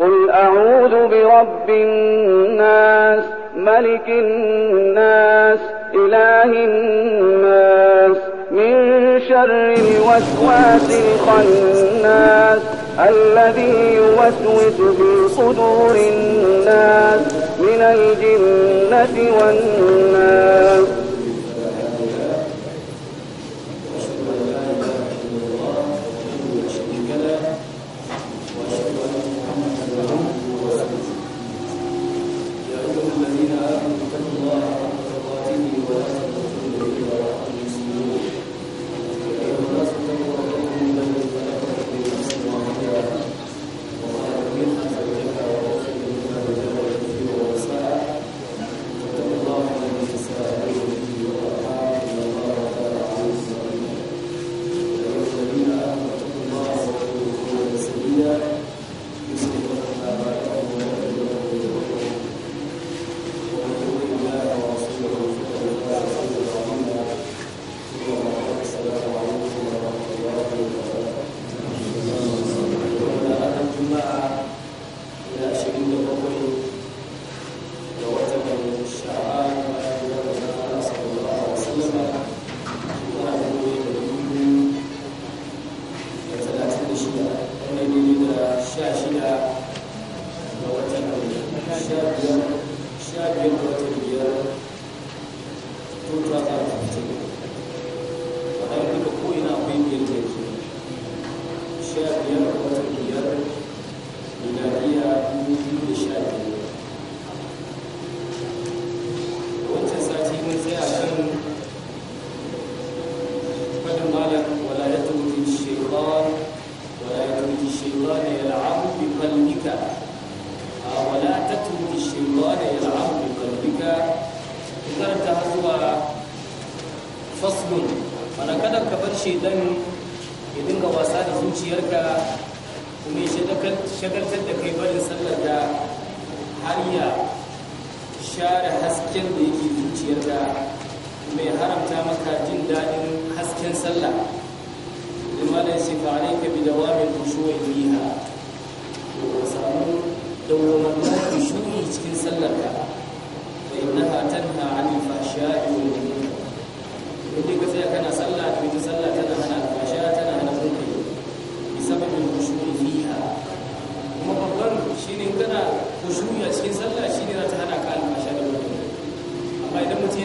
قل أعوذ برب الناس ملك الناس إله الناس من شر الوسواس الخناس الذي يوسوس في صدور الناس من الجنة والناس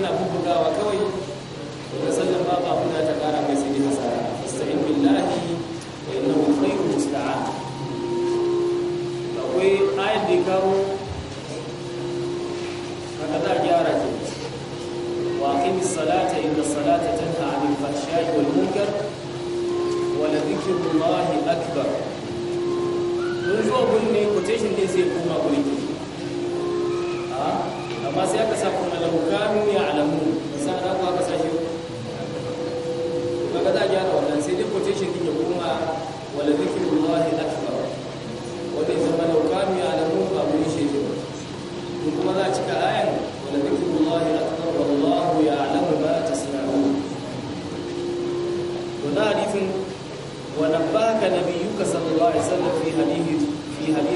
yana bubbugawa kawai da sallan babu da ta kara mai sai hasara fasta'in billahi wa innahu khairu musta'an akwai ayat da gyara wa aqimis salata inna salata tanha 'anil fahsha'i wal munkar wa la dhikrullahi akbar ne quotation din sai kuma ah, amma sai aka sa kuma quotation din ya koma wala zikrullahi akbar wanda ya zama laukami a nan ba mu yi shi ba kuma za a cika ayan wala zikrullahi akbar wallahu ya'lamu ma tasna'un wannan hadisin wa nabbaka nabiyyuka sallallahu alaihi wasallam fi hadithi fi hadithi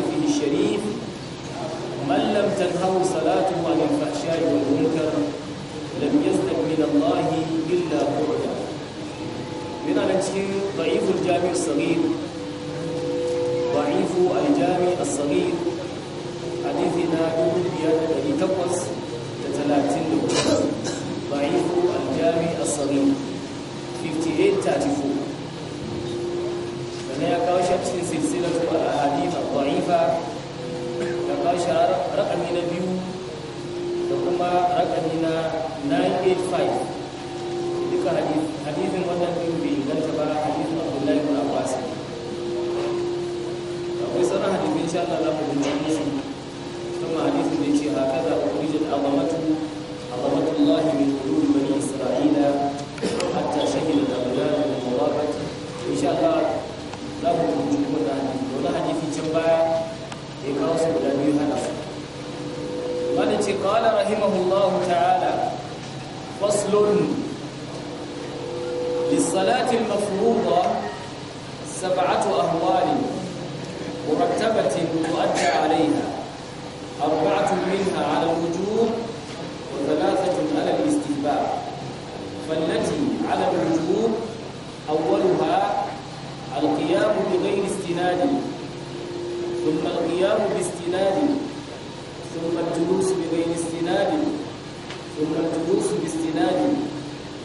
cikin da'iful jami as-saghir da'ifu al-jami as-saghir hadithi na 2834 da'ifu al 5834 ya kawo shi a cikin silsilatu al-ahadith ad ya kawo rakami na biyu da kuma rakami na 985 duka hadisin wannan biyu bai inganta ba hadisin abdullahi ibn abbas akwai sauran hadisin insha Allah za mu bincike su kuma hadisin da ya ثم القيام باستناد ثم الجلوس بغير استناد ثم الجلوس باستناد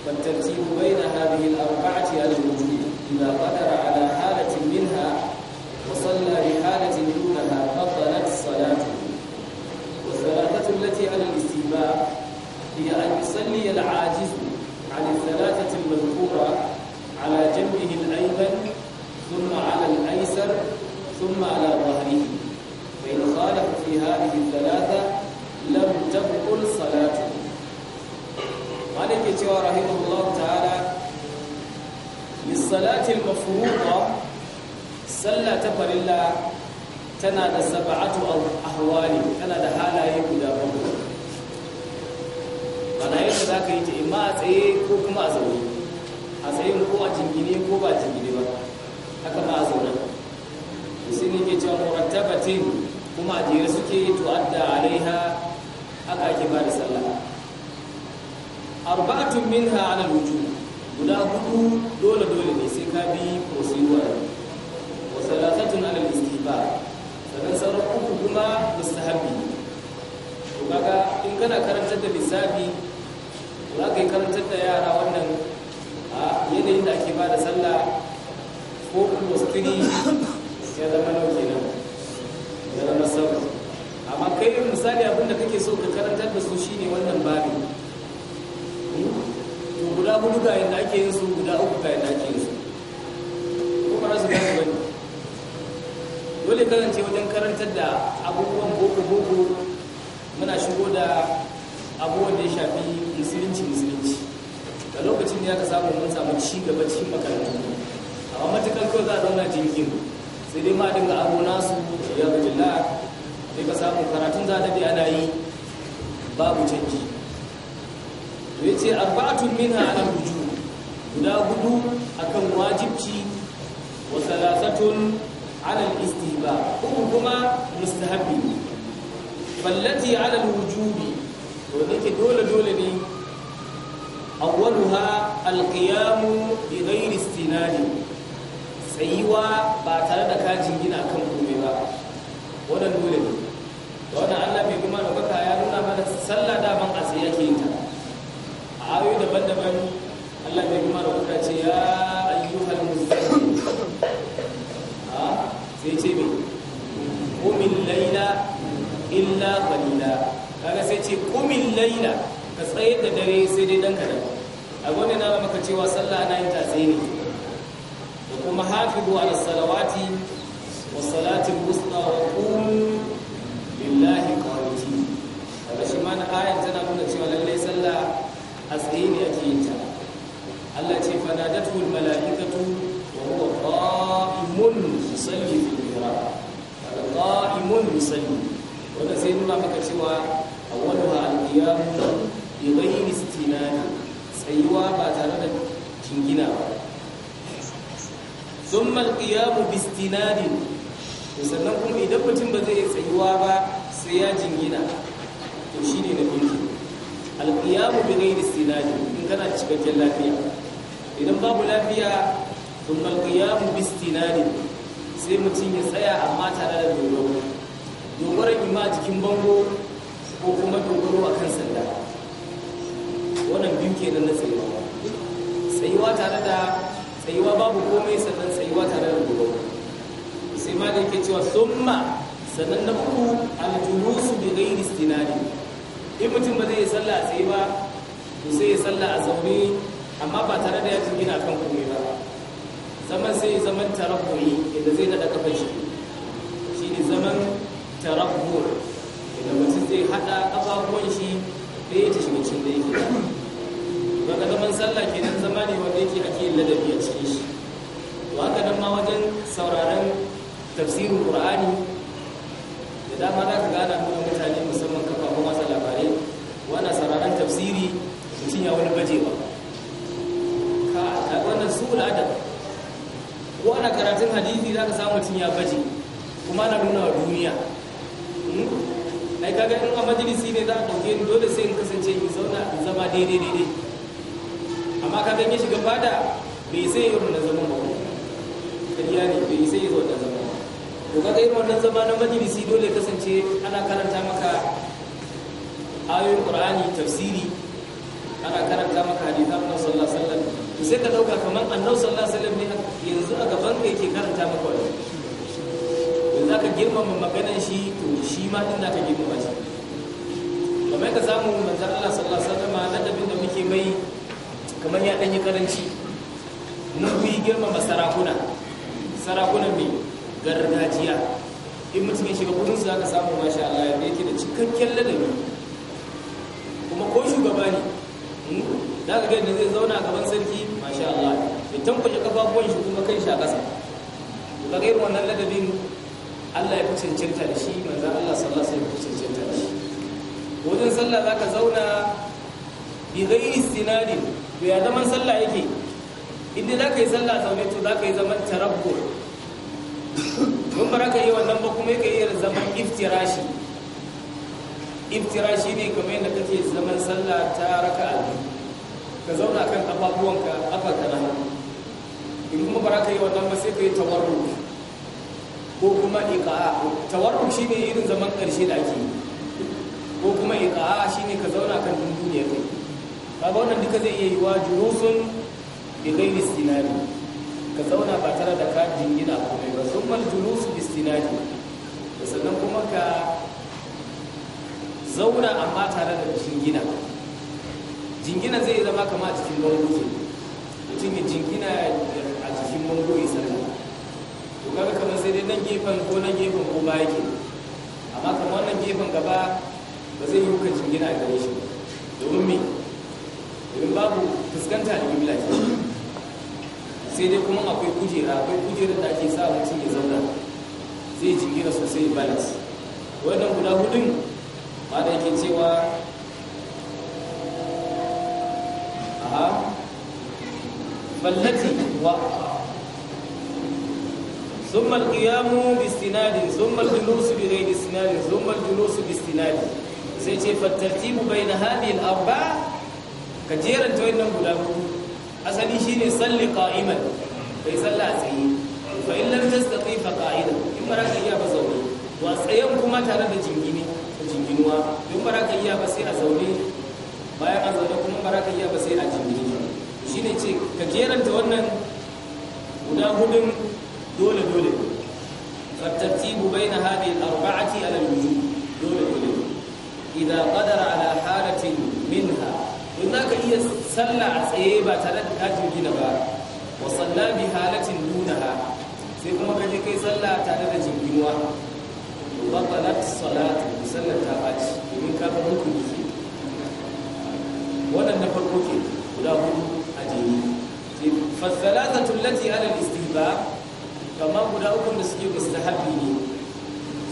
فالترتيب بين هذه الأربعة الوجود إذا قدر على حالة منها وصلى بحالة دونها بطلت صلاته والثلاثة التي على الاستيباب هي أن يصلي العاجز عن الثلاثة المذكورة على جنبه الأيمن ثم على الأيسر ثم على ظهره فإن خالف في هذه الثلاثة لم تبطل صلاته مالك يتوى رحمه الله تعالى للصلاة المفروضة صلى تفر الله تنادى سبعة أهوال تنادى حالا يبدا بمبر mana yadda za ka yi ta imma a tsaye ko kuma a zaune a tsaye ko a jingine ko ba jingine ba haka ma a zaune sun yi cewa murattabatin kuma a jere suke tu'adda alaiha haka ake ba da sallah arba'atun ha ala alwujub guda hudu dole dole ne sai ka bi procedure wa ana ala alistihbab sannan sauran uku kuma mustahabbi to kaga in kana karantar da lissafi za ka yi karantar da yara wannan alƙiyamu bi sai yi wa ba tare da ka jingina kan kome ba wannan dole ne wannan Allah bai kuma da kaka ya nuna mana sallah da ban a tsaye yake ta a ayoyi daban-daban Allah mai kuma da kuka ce ya ayyuhal musulmi a sai ce me kumin laila illa qalila kaga sai ce kumin laila ka tsaye da dare sai dai dan kadan a gwani na maka cewa sallah ana yin tatse ne da kuma hafizu ala salawati wa salatin wusta wa qum lillahi qanitin daga shi ma na tana nuna cewa lallai sallah a tsaye ne ake yin ta Allah ce fanadatu al malaikatu wa huwa qa'imun yusalli fil mihrab qa'imun yusalli wanda sai nuna maka cewa awwaluha al qiyam bi ghairi istinani tsayuwa ba tare da jingina ba sun malƙiyamu bistinadin to sannan kuma idan mutum ba zai tsayuwa ba sai ya jingina to shi ne na binci alƙiyamu bi gairi sinadin in kana cikakken lafiya idan babu lafiya sun malƙiyamu bistinadin sai mutum ya tsaya amma tare da dogaro dogaro ima jikin bango ko kuma dogaro a kan sanda wannan biyu kenan na tsayuwa tsayuwa tare da tsayuwa babu komai sannan tsayuwa tare da gobe sai ma da yake cewa summa sannan na uku aljulusu bi ghairi istinadi in mutum ba zai sallah a tsaye ba to sai ya sallah a zaune amma ba tare da ya gina kan komai ba zaman sai zaman tarahuri idan zai nada kafin shi shine zaman tarahuri idan mutum zai hada kafafuwan shi da ya shiga cikin da yake sallah kenan zama ne wanda yake ake yin ladabi a cikin shi to haka nan ma wajen sauraron tafsirin qur'ani da dama za ka gana nuna mutane musamman kafafun masa labarai wannan sauraron tafsiri mutum ya wani baje ba? ka ta wannan su adab ko ana karatun hadisi za ka samu mutum ya baje kuma ana nuna wa duniya hmm? ai kaga in a majalisi ne za a ɗauke ni dole sai in kasance in zauna in zama daidai daidai amma ka ganye shiga fada bai sai yi wannan zaman ba kariya ne bai sai irin wannan zaman ba to ka ga irin wannan zama na majalisi dole kasance ana karanta maka ayoyin qur'ani tafsiri ana karanta maka hadisan annabi sallallahu alaihi wasallam to sai ka dauka kamar annabi sallallahu alaihi wasallam ne yanzu a gaban ka yake karanta maka wannan yanzu ka girmama maganar shi to shi ma din zaka girmama shi kamar ka samu manzon Allah sallallahu alaihi wasallam na dabin da muke mai kamar ya ɗanyi karanci na kuyi girmama sarakuna sarakunan mai gargajiya in mutum ya shiga kudinsu za ka samu masha Allah ya yake da cikakken ladabi kuma ko shugaba ne hmm, za ka gani zai zauna a gaban sarki masha Allah ya tankwashe kafafuwan shi kuma kan shi a ba ga irin wannan ladabin Allah ya fi cancanta da shi manza. Allah sallallahu alaihi ya fi cancanta da shi wajen sallah za ka zauna bi ghairi sinadin to ya zaman sallah yake inda za ka yi sallah zaune to za ka yi zaman tarabbo don ba ka yi wannan ba kuma ka yi zaman iftirashi iftirashi ne kamar yadda kake zaman sallah ta raka albi ka zauna kan ababuwanka afaka na nan in kuma ba ka yi wannan ba sai ka yi tawarru ko kuma iqa'a tawarru shine irin zaman ƙarshe da ake ko kuma iqa'a shine ka zauna kan dunduniyar kai kaga wannan duka zai iya yiwa jurusun bi ghairi istinadi ka zauna ba tare da ka jingina komai ba sun mal julus istinadi da sannan kuma ka zauna amma tare da jingina jingina zai zama kama a cikin bango ke mutum ya jingina a cikin bango ya sarari to kaga kamar sai dai nan gefen ko nan gefen ko baya ke amma kamar wannan gefen gaba ba zai yi ka jingina a gare shi domin me domin babu fuskanta da gibla ce sai dai kuma akwai kujera akwai kujerar da ake sa mutum ya zauna zai jingira sosai balas wannan guda hudun ma da yake cewa aha ballati wa ثم القيام باستناد ثم الجلوس بغير استناد ثم الجلوس باستناد سيتي فالترتيب بين هذه الأربعة ka ta wannan guda hudu asali shine salli qa'iman kai salla a tsaye fa in lam tastati fa qa'idan in bara ka iya ba zaune wa tsayen kuma tare da jingine da jinginuwa in ba ka iya ba sai a zaune bayan an zaune kuma bara ka iya ba sai a jingine shine ce ka ta wannan guda hudun dole dole فالترتيب بين هذه الأربعة على الوجوب دول dole إذا قدر in za ka iya sallah a tsaye ba tare da kajin gina ba wa salla bi halatin dunaha sai kuma ka je kai sallah tare da jinginuwa batalat salatu sallar ta baci domin ka fi hukun jiki wannan na farko ke guda hudu a jini fassalatatu lati ala ba. kamar guda uku da suke mustahabi ne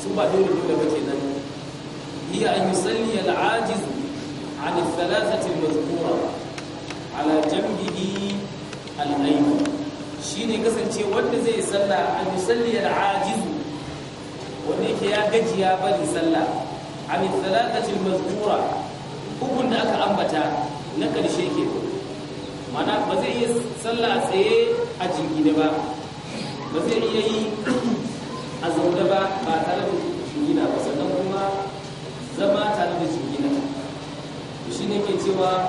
su ba dole dole ba ke nan. hiya an yi al-ajizu عن الثلاثة المذكورة على جنبه الأيمن شيني قصد شيء وانت زي سلى أن يسلي العاجز وانك يا قجي يا بني سلى عن الثلاثة المذكورة hukun da aka ambata na ƙarshe ke mana ba zai iya sallah tsaye a jingine ba ba zai iya yi a zaune ba ba tare da jingina ba kuma zama ta. shi ne ke cewa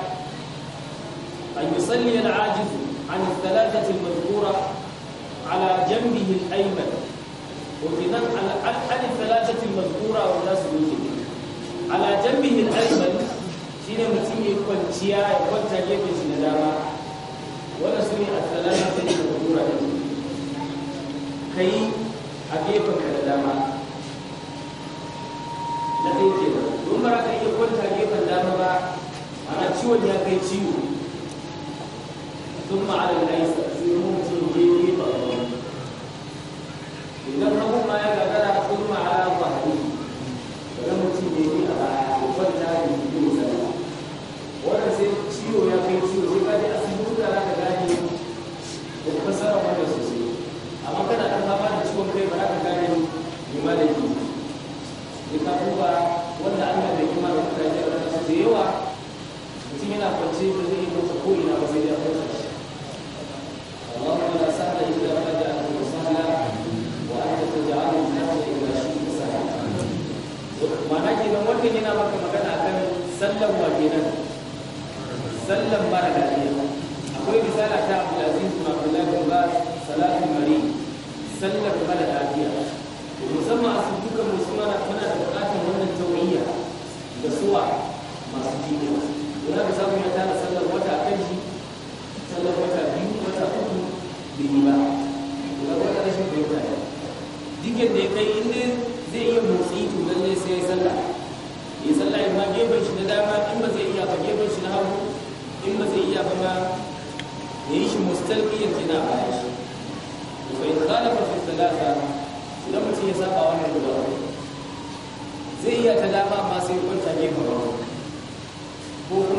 an yi salli al'ajizu an talatatin mazkura ala jambihi al'aiman wakinan al'ad talatatin mazkura wanda su yi ala jambihi al'aiman shi ne mutum ya kwanciya ya kwanta gefe shi na dama wanda su ne a talatatin mazkura da ka a gefen ka na dama na ɗaya nan don mara ka iya kwanta gefen dama ba ana ciwon ya kai ciwo sun ma'alar laisa sai mutum daidai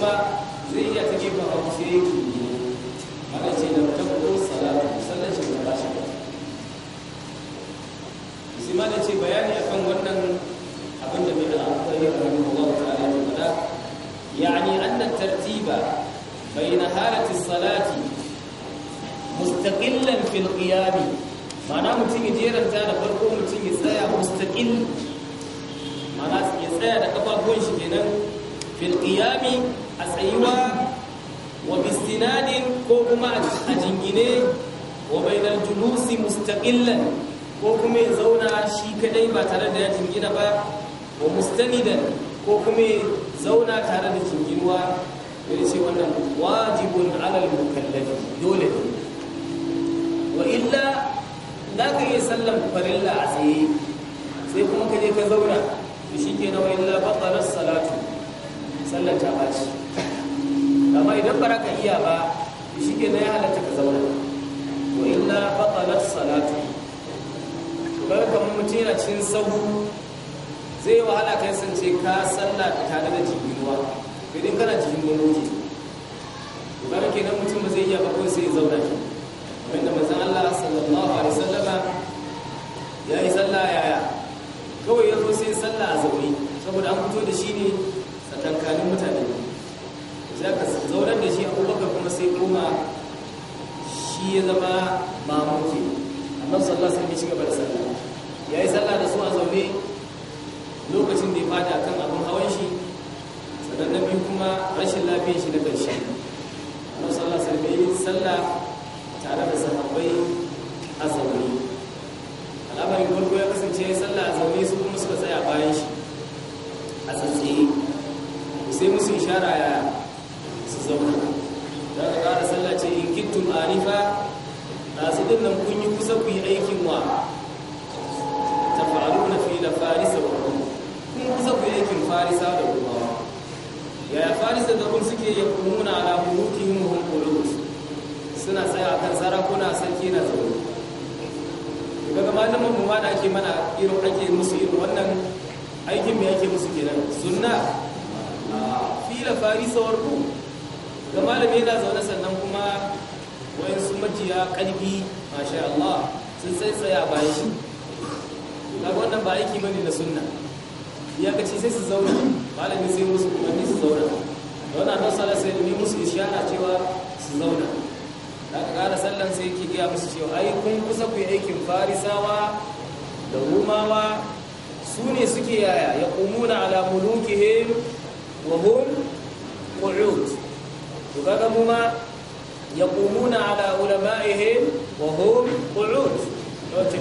kuma zai iya ta gefen hagu sai ya yi mana ce da tabbun salatu sallar shi ba shi ba sai mana ce bayani akan wannan abin da bida akwai rahimahullah ta'ala ya faɗa yani anna tartiba bayna halati salati mustaqillan fil qiyam mana mutum ya jeranta da farko mutum ya tsaya mustaqil mana ya tsaya da kafafuwan shi kenan fil qiyami a tsayuwa wa bistinadin ko kuma a jingine wa bainal julusi mustaqillan ko kuma ya zauna shi kadai ba tare da ya jingina ba wa mustanidan ko kuma ya zauna tare da jinginuwa ya ce wannan wajibun alal mukallafi dole ne wa illa za ka iya sallan farilla a tsaye sai kuma ka je ka zauna Da shi ke na wa illa batalar salatu sallan ta baci amma idan ba ka iya ba shi ke na ya halatta ka zauna ko illa batalar salatu to kaga ka mutum yana cin sahu zai yi wahala kai san ce ka sallah ka tare da ruwa idan kana jikin wani waje to kaga kenan mutum ba zai iya ba ko sai ya zauna ke da manzon Allah sallallahu alaihi sallama ya yi sallah yaya kawai ya zo sai sallah a zaune saboda an fito da shi ne tsakankanin mutane sai ka zaunar da shi abubakar kuma sai koma shi ya zama mamuki annabi sallallahu alaihi wasallam ya ci gaba da sallah yayi sallah da su a zaune lokacin da ya fada kan abin hawan shi sannan biyu kuma rashin lafiyar shi na ƙarshe annabi sallallahu ya yi sallah tare da sahabbai ma'arifa su dinnan kun yi kusa ku yi aikin wa ta faru na fi da farisa wa kuma kun kusa ku yi aikin farisa da rubawa yaya farisa da kun suke ya kumuna ala buruki yin hunkulus suna tsaye a kan sarakuna sarki na zaune daga malaman mu ma da ake mana irin ake musu irin wannan aikin mai ake musu kenan sunna ah, fila farisa warku ga malami yana zaune sannan kuma wayansu majiya ƙarfi masha Allah sun tsaitsaya a bayan shi kaga wannan ba aiki bane na sunna ya kace sai su zauna malami sai musu umarni su zauna da wannan annabi sallallahu alaihi wasallam musu ishara cewa su zauna ka kara sallan sai yake ga musu cewa ai kun kusa ku yi aikin farisawa da rumawa su ne suke yaya ya kumuna ala mulukihim wa hum qu'ud to kaga mu يقومون على علمائهم وهم قعود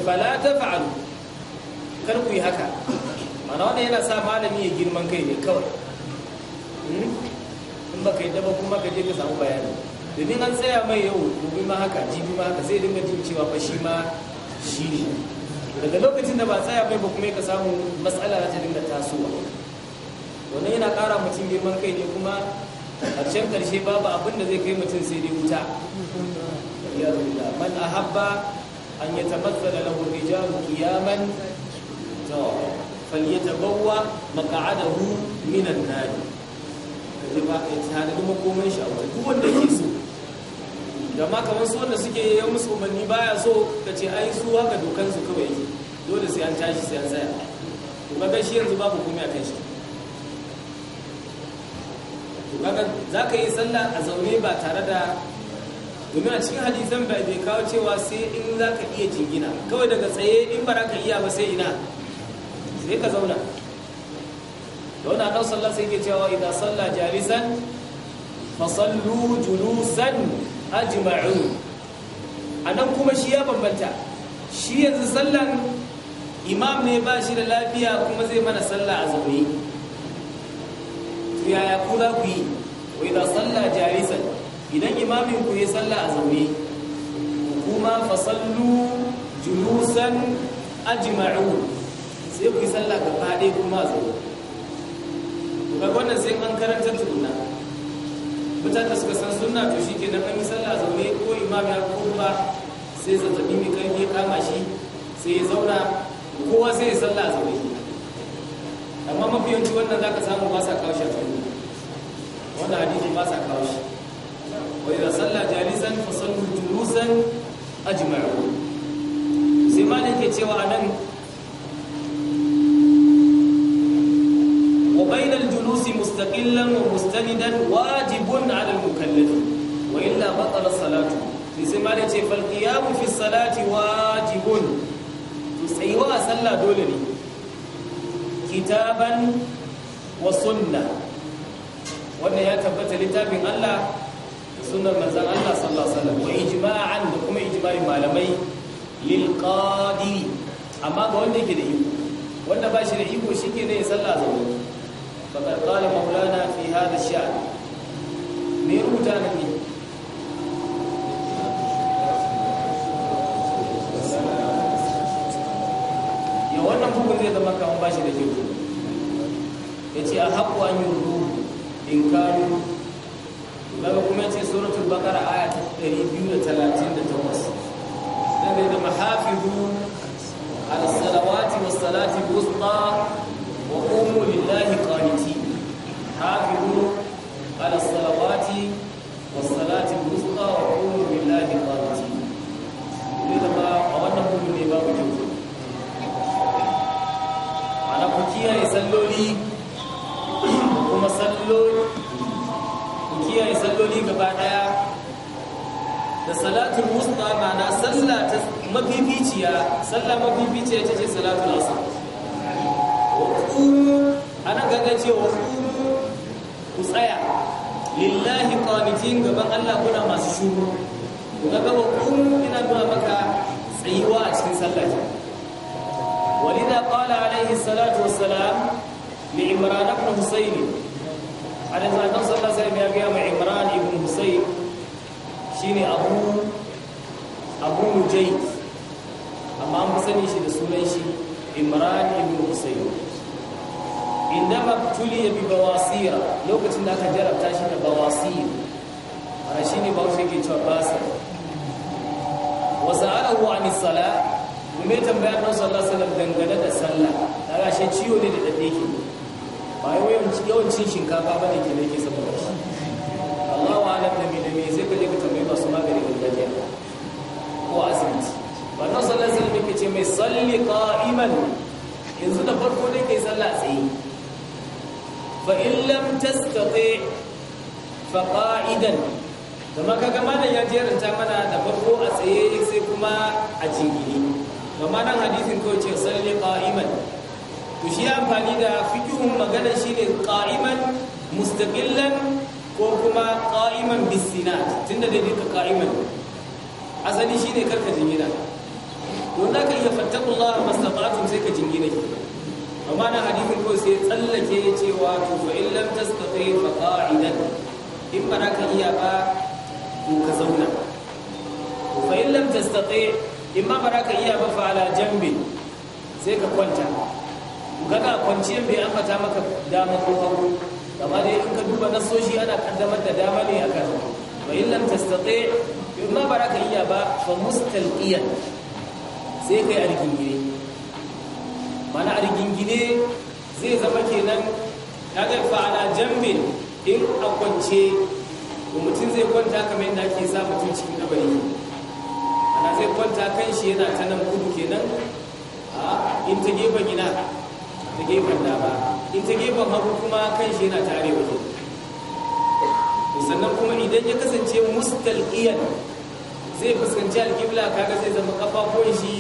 فلا تفعلوا karku yi haka mana wannan yana sa malami ya girman kai ne kawai in baka yi daba kuma ka ka samu bayani domin an tsaya mai yau gobe ma haka jibi ma haka sai dinga jin cewa fa shi ma shi daga lokacin da ba tsaya mai ba kuma ka samu matsala ta dinga tasowa wannan yana kara mutum girman kai ne kuma a can ƙarshe babu abin da zai kai mutum sai dai wuta man habba an yi tamassala lahu rijalu qiyaman to falyatabawwa maq'adahu min an-nar da ba ya tare da makoman shi a wata duk wanda ke so da ma kamar su wanda suke yi musu umarni baya so ka ce ai su haka dokan su kawai dole sai an tashi sai an tsaya to ga yanzu babu komai a kan shi kaga za ka yi sallah a zaune ba tare da domin a cikin hadisan bai bai kawo cewa sai in za ka iya jingina kawai daga tsaye in ba ka iya ba sai ina sai ka zauna da wani annan sallah sai ke cewa idan sallah jalisan fasallu julusan ajma'u a nan kuma shi ya bambanta shi yanzu sallan imam ne ba shi da lafiya kuma zai mana sallah a zaune to yaya ku za ku yi wa idan sallah jalisan idan imamin ku ya sallah a zaune kuma fa sallu julusan ajma'u sai ku yi sallah ga ɗaya kuma a zaune ga wannan sai an karanta tukunna mutane suka san sunna to shi kenan an yi sallah zaune ko imam ya kuma sai zazzabi mai karfi kama shi sai ya zauna kowa sai ya sallah zaune amma mafi yanci wannan za ka samu ba sa kawo shi a cikin wannan hadisi ba sa kawo shi wa idza salla jalisan fa sallu julusan ajma'u sai ma ne ke cewa anan wa bainal julusi mustaqillan wa mustanidan wajibun 'ala al-mukallaf wa illa batala salatu sai ma ne ce fal qiyamu fi salati wajibun to a sallah dole ne kitaban wa sunna wannan ya tabbata littafin Allah da sunnar manzon Allah sallallahu alaihi wasallam ijma'an da kuma ijma'in malamai lil qadi amma ga wanda yake da iko wanda ba shi da iko shike ne sallah zawo faqad qala maulana fi hadha ash-sha'n me rubuta nan maka an bashi da kyau ya ce a haƙo an yi ruhu in kanu daga kuma ce suratul bakara aya ta 238 daga da mahafizu al-salawati was-salati wusta wa lillahi al-salawati salati wusta wa qumu lillahi qanitin ne da ba a wannan hudu ne babu kyau ma'ana ku kiyaye salloli kuma salloli ku kiyaye salloli gaba daya da salatul wusta ma'ana sallah ta mafificiya sallah mafificiya ce ce salatul asr wa kuru ana ganga ce wa kuru ku tsaya lillahi qanitin gaban Allah kuna masu shuru ku ga ba ina nuna maka tsayiwa a cikin sallah ولذا قال عليه الصلاة والسلام لعمران بن حسين على أن صلى الله عليه وسلم يقول عمران بن حسين شيني أبو أبو مجيد أما أم حسيني شيني سميشي عمران بن حسين عندما ابتلي ببواسير لو كنت ذاك جرب تاشي بواسير أنا شيني بوشي كي تشوف باسر وسأله عن الصلاة kuma ya tambaya annabi sallallahu alaihi dangane da sallah kaga shi ciwo ne da dade ke ba yawancin yawancin shinkafa bane ke ne ke saboda shi Allahu a'lam da me da me sai kaje ka tambayi masu magani gargajiya ko asibiti ba na sallallahu alaihi wasallam yake ce mai salli qa'iman yanzu da farko ne kai sallah tsaye fa in lam tastati fa qa'idan kamar kaga malam ya jeranta mana da farko a tsaye sai kuma a jingine amma nan hadisin kawai ce salli qa'iman to shi amfani da fikihun magana shine ƙa'iman mustaqillan ko kuma ƙa'iman bisina tunda da duka ƙa'iman asali shine karka jingina wanda ka iya fattakullah mastata'tum sai ka jingina ki amma nan hadisin kawai sai tsallake ya ce wa to fa in lam tastati fa qa'idan in ba ka iya ba to ka zauna fa in lam tastati in ma bara ka iya ba ala jambi sai ka kwanta kaga kwanciyar bai ambata maka dama ko hagu kama dai in ka duba nasoshi ana kaddamar da dama ne a kan ba in lam tastati in ma bara ka iya ba fa mustalqiyan sai kai argingine mana argingine zai zama kenan kaga fa ala jambi in a kwance mutum zai kwanta kamar yadda ake sa mutum cikin abari. ta kwanta kan shi yana ta nan kudu kenan a in ta gefen ina ta gefen dama in ta gefen hagu kuma kan shi yana ta arewa sannan kuma idan ya kasance mustalqiyan zai fuskanci alƙibla kaga zai zama kafafun shi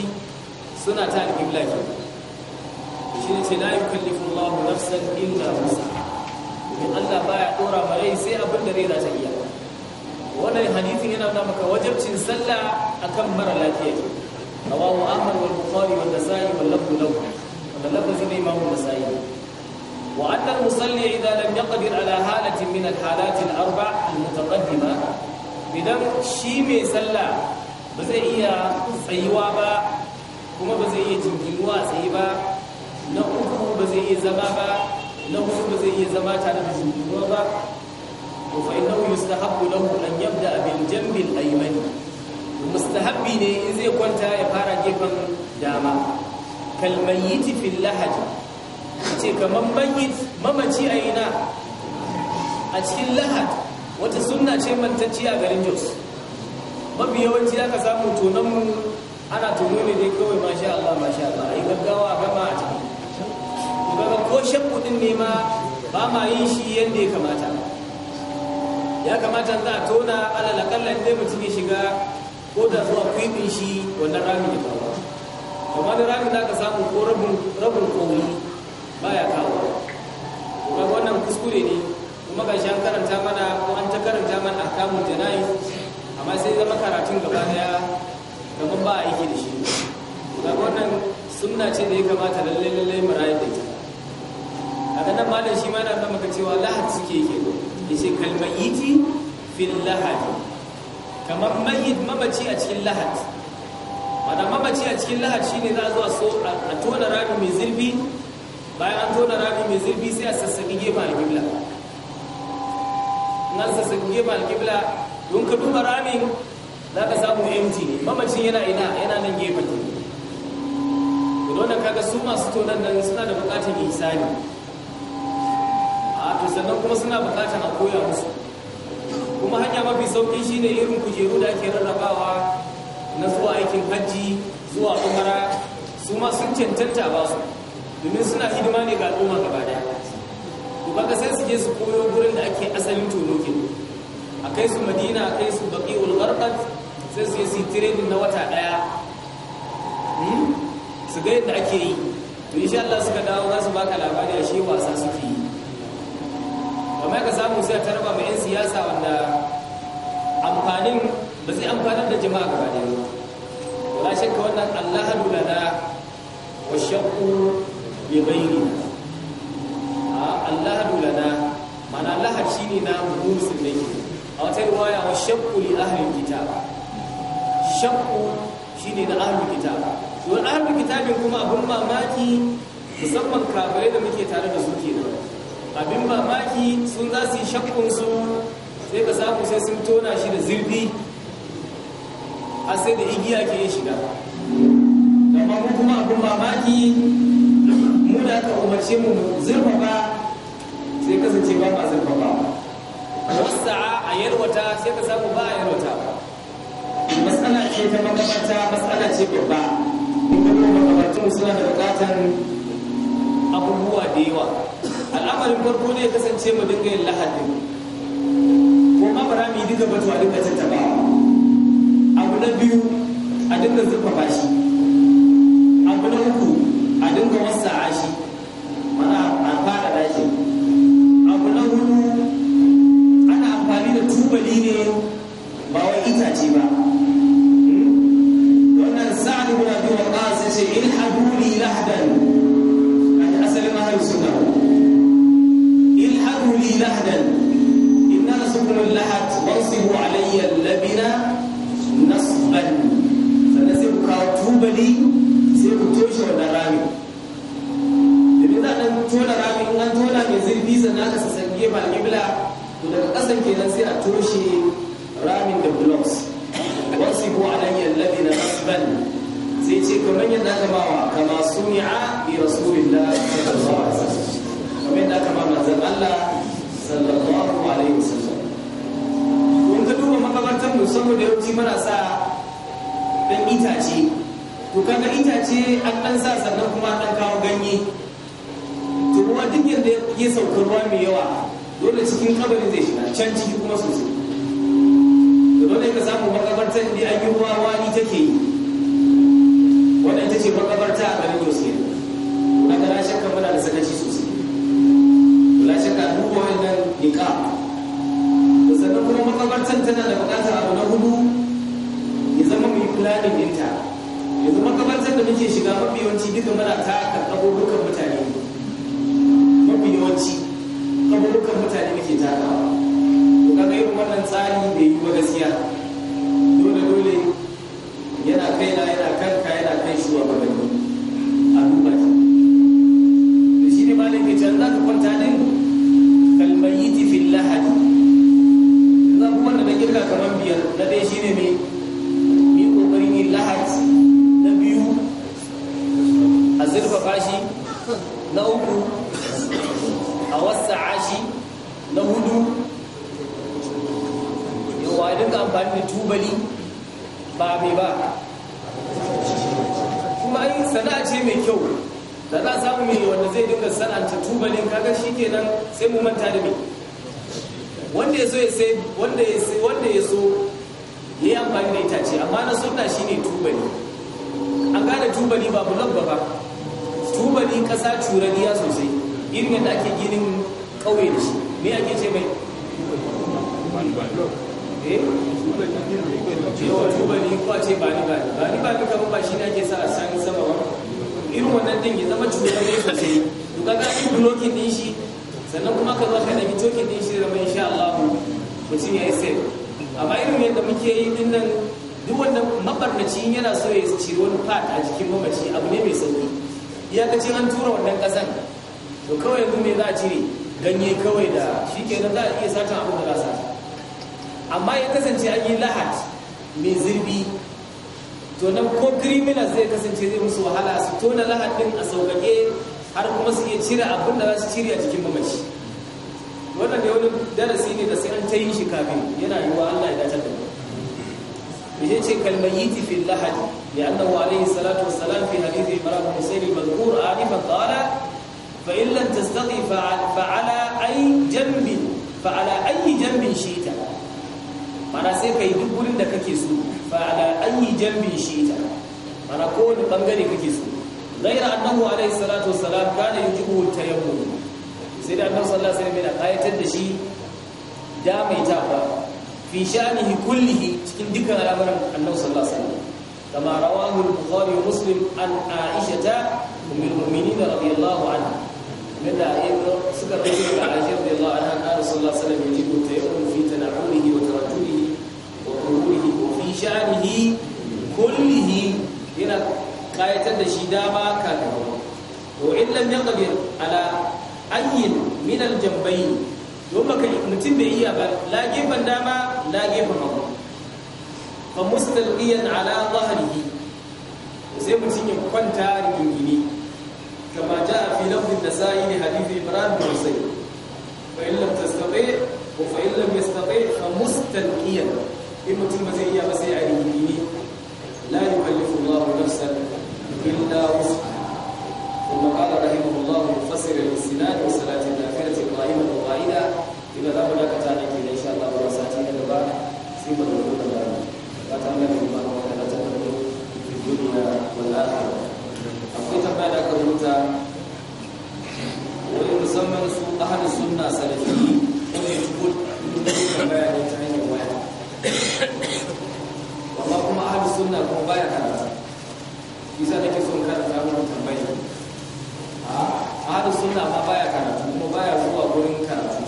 suna ta alƙibla ke shi ne ce la yukallifu Allahu nafsan illa wusa domin Allah baya dora ma sai abin da rai za ta iya wannan hadisin yana nuna maka wajibcin sallah akan mara lafiya rawahu ahmad wal bukhari wal nasa'i wal lafzu lahu wal lafzu ne imamu nasa'i wa anna al musalli idha lam yaqdir ala halatin min al halat al arba' al mutaqaddima idan shi mai sallah ba zai iya tsayuwa ba kuma ba zai iya jinkiruwa tsayi ba na uku ba zai iya zama ba na hudu ba zai iya zama tare da jinkiruwa ba فإنه يستحب له أن يبدأ بالجنب الأيمن مستحب ne in zai kwanta ya fara gefen dama kalmayyiti fil lahaj ce kamar mayyit mamaci a a cikin lahad wata sunna ce a garin Jos mafi yawanci aka samu tonon mu ana tono ne kawai masha Allah masha Allah ai gaggawa gama a ciki ko shakku din ne ma ba shi yadda ya kamata ya kamata za tona alalakallan akalla mutum ya shiga ko da zuwa kwibin shi wannan rami ba ba amma da rami za ka samu ko rabin ba ya kawo ba wannan kuskure ne kuma ga shan karanta mana ko an ta karanta mana kamun janayi amma sai zama karatun gaba daya kamar ba a da shi ga wannan sunna ce da ya kamata lallai lallai mu yadda ita a nan malam shi ma na nuna ka cewa lahat suke yake yace kalmayiti fil lahad kamar mayyit mabaci a cikin lahad mana mabaci a cikin lahad shine za a zo so a tona rami mai zurfi bayan an tona rami mai zurfi sai a sassaki gefen alƙibla nan sassaki gefen alƙibla don ka duba ramin za ka samu empty ne mamacin yana ina yana nan gefen ne don kaga su masu tonan nan suna da buƙatar isani to sannan kuma suna bukatan a koya musu kuma hanya mafi sauki shine irin kujeru da ake rarrabawa na zuwa aikin hajji zuwa umara su ma sun cancanta ba su domin suna hidima ne ga al'umma gaba daya to kaga sai su je su koyo gurin da ake asalin tono ke a kai su madina a kai su baki ulgarkat sai su yi su yi na wata daya hmm? su ga yadda ake yi to insha Allah suka dawo za su baka labari a shi wasa suke yi amma ka samu sai ta raba mai 'yan siyasa wanda amfanin ba zai amfanar da jama'a gaba da yau wala shakka wannan allahadu lana wa shakku bi allah allahadu lana mana lahar ne na musulmi a wata riwaya wa shakku li ahli kitab shakku ne na ahli kitab to ahli kitabin kuma abun mamaki musamman kafirai da muke tare da su nan abin mamaki sun za su yi shakkunsu sai ka samu sai sun tona shi da zirbi a sai da igiya ke yin shiga da mu kuma abin mamaki muna ka umarce mu ba sai kasance ba ma ba wasa'a a yarwata sai ka samu ba a yarwata matsala ce ta makamata matsala ce babba kuma makamatun suna da bukatan abubuwa da yawa al'amarin farko ne kasance mu dinga yin lahadi ko ma bara mu yi duka batuwa duka tattaba abu na biyu a dinga zurfafa shi muke shiga mafi yawanci duka muna taka kaburukan mutane mafi yawanci kaburukan mutane muke takawa ko kaga irin wannan tsari bai yi wa gaskiya kuma ko ce ba ni ba ni ba ni ba ni kamar ba shi ne ake sa a san sama ba irin wannan din ya zama cuta ne sosai to kaga in blocking din shi sannan kuma ka zo ka nemi token din shi zama insha Allah mutum ya yi safe amma irin yadda muke yi din nan duk wanda mabarnaci yana so ya ci wani part a jikin mamaci abu ne mai sauki iyakacin an tura wannan kasan to kawai yanzu me za a cire ganye kawai da shi kenan za a iya satan abu da za a amma ya kasance an yi lahat mai zurbi to nan ko kriminal zai kasance zai musu wahala su tona lahadin a sauƙaƙe har kuma su iya cire abin da za su cire a cikin mamaci wannan da wani darasi ne da sai an ta yi shi kafin yana yiwuwa allah ya dace da mu yace ce kalmayiti fil lahad li annahu alayhi salatu wassalam fi hadithi ibrahim bin husayn madhkur anifa qala fa in lam tastati fa ala ay jambin fa ala ay jambin shita mana sai ka yi duk wurin da kake so fa ala ayi jambin shi ta mana wani bangare kake so غير annahu عليه الصلاة والسلام كان يجبه التيمم سيدنا النبي صلى الله عليه وسلم yana kayatar da shi damaitawa fi shanihi kullihi cikin dukkan al'amuran annabi sallallahu alaihi wasallam kama rawahu al-bukhari wa muslim an aisha ummul mu'minin radiyallahu anha mala ayyuka suka rawaito da aisha radiyallahu anha annabi sallallahu alaihi wasallam yajibu tayammum fi sha'anihi kullihi yana kayatar da shi dama ka gaba to in lam yaqdir ala ayyin min al jambayn don baka mutum bai iya ba la gefen dama la gefen hagu fa mustalqiyan ala dhahrihi sai mutum ya kwanta rigingine kama jaa fi lafdh an-nasa'i hadith imran bin husayn fa in lam tastati' wa fa in lam yastati' fa mustalqiyan in mutum ba zai iya ba sai a yi la yukallifu ثم قال رحمه الله مفسر الاستناد وصلاة الآخرة قائمة وقائدة إذا ذهب لك تانيك إن شاء الله ورساتين لبعض سيما الوجود الله وتعلم ما هو كلا تكون في الدنيا والآخرة أقول تبعنا كرمتا ويسمى أهل السنة سلفيين ahal sunna ko baya karanta isa ke son karanta mun tambaye a ahli sunna ma baya karanta kuma baya zuwa gurin karatu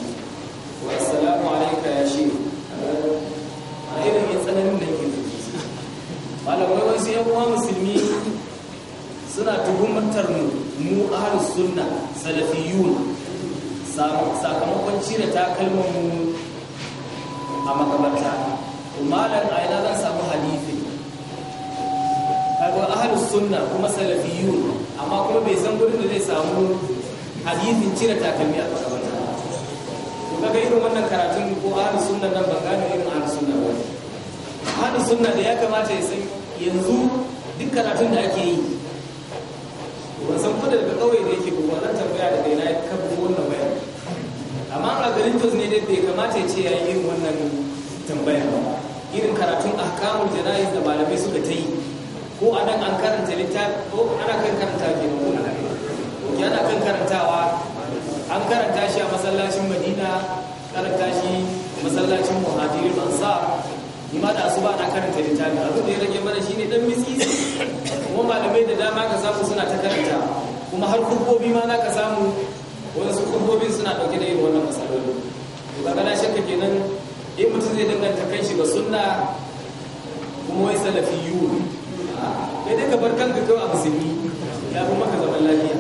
wa assalamu alayka ya shi a irin ya tsananin da yake zuci malamai wasu yan uwa musulmi suna tuhumatar mu mu ahal sunna salafiyun sakamakon cire takalman mu sunna kuma salafiyun amma kuma bai san gurin da zai samu hadithin cire takalmi a kasa wata to kaga irin wannan karatun ko ahli sunna nan ban gane irin ahli sunna ba ahli sunna da ya kamata ya san yanzu duk karatun da ake yi ban san ko daga kauye da yake ko wannan tambaya da dai na kafa wannan bayan amma a garin Jos ne dai bai kamata ya ce ya yi irin wannan tambaya ba irin karatun ahkamul jana'iz da malamai suka ta yi ko a nan an karanta littafi ko ana kan karanta fi na kuna ko ana kan karantawa an karanta shi a masallacin madina karanta shi masallacin muhajirin ansar ima da asuba na karanta littafi abin da ya rage mana shine dan miski kuma malamai da dama ka samu suna ta karanta kuma har kurbobi ma na ka samu wasu kurbobin suna dauke da irin wannan matsaloli to kaga na shakka kenan in mutum zai danganta kanshi ga sunna kuma wai salafiyyu ka bar kanka a musulmi ya fi maka zaman lafiya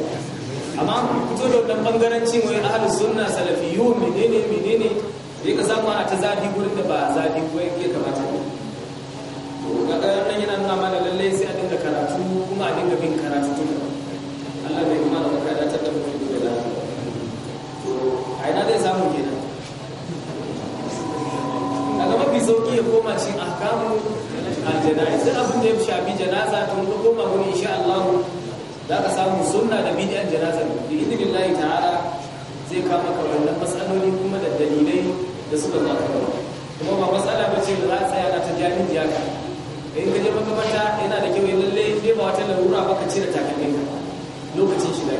amma fito da wannan bangarancin wai ahlu sunna salafiyu menene menene dai ka samu ana ta zafi gurin da ba zafi ko yake kamata ne wannan yana nuna mana lalle sai a dinga karatu kuma a dinga bin karatu Allah ta a ina samu kenan mafi sauki ya koma cikin ahkamu yanzu abin da ya shafi janaza to mun koma gurin insha Allah za ka samu sunna da bid'an janazar bi idnillahi ta'ala zai kama ka wannan matsaloli kuma da dalilai da suka zaka kuma ba matsala ba ce da za a tsaya na ta jami'in jiyaka in ka je makamata yana da kyau lalle in dai ba wata larura ba ka cire takalmin lokacin lokacin shiga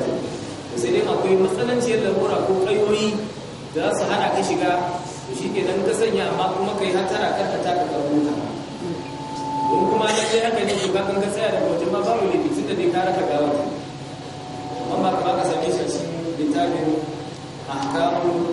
ke sai dai akwai matsalanciyar larura ko kayoyi da za su hana ka shiga shi shi nan ka sanya amma kuma kai hatara karkata ka taka karbuta in kuma an sai haka ne to ka kan ka da wajen ma babu ne tun da dai ka raka gawa amma kuma ka same shi cikin littafin ahkamu